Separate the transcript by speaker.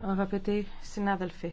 Speaker 1: Αγαπητοί συνάδελφοι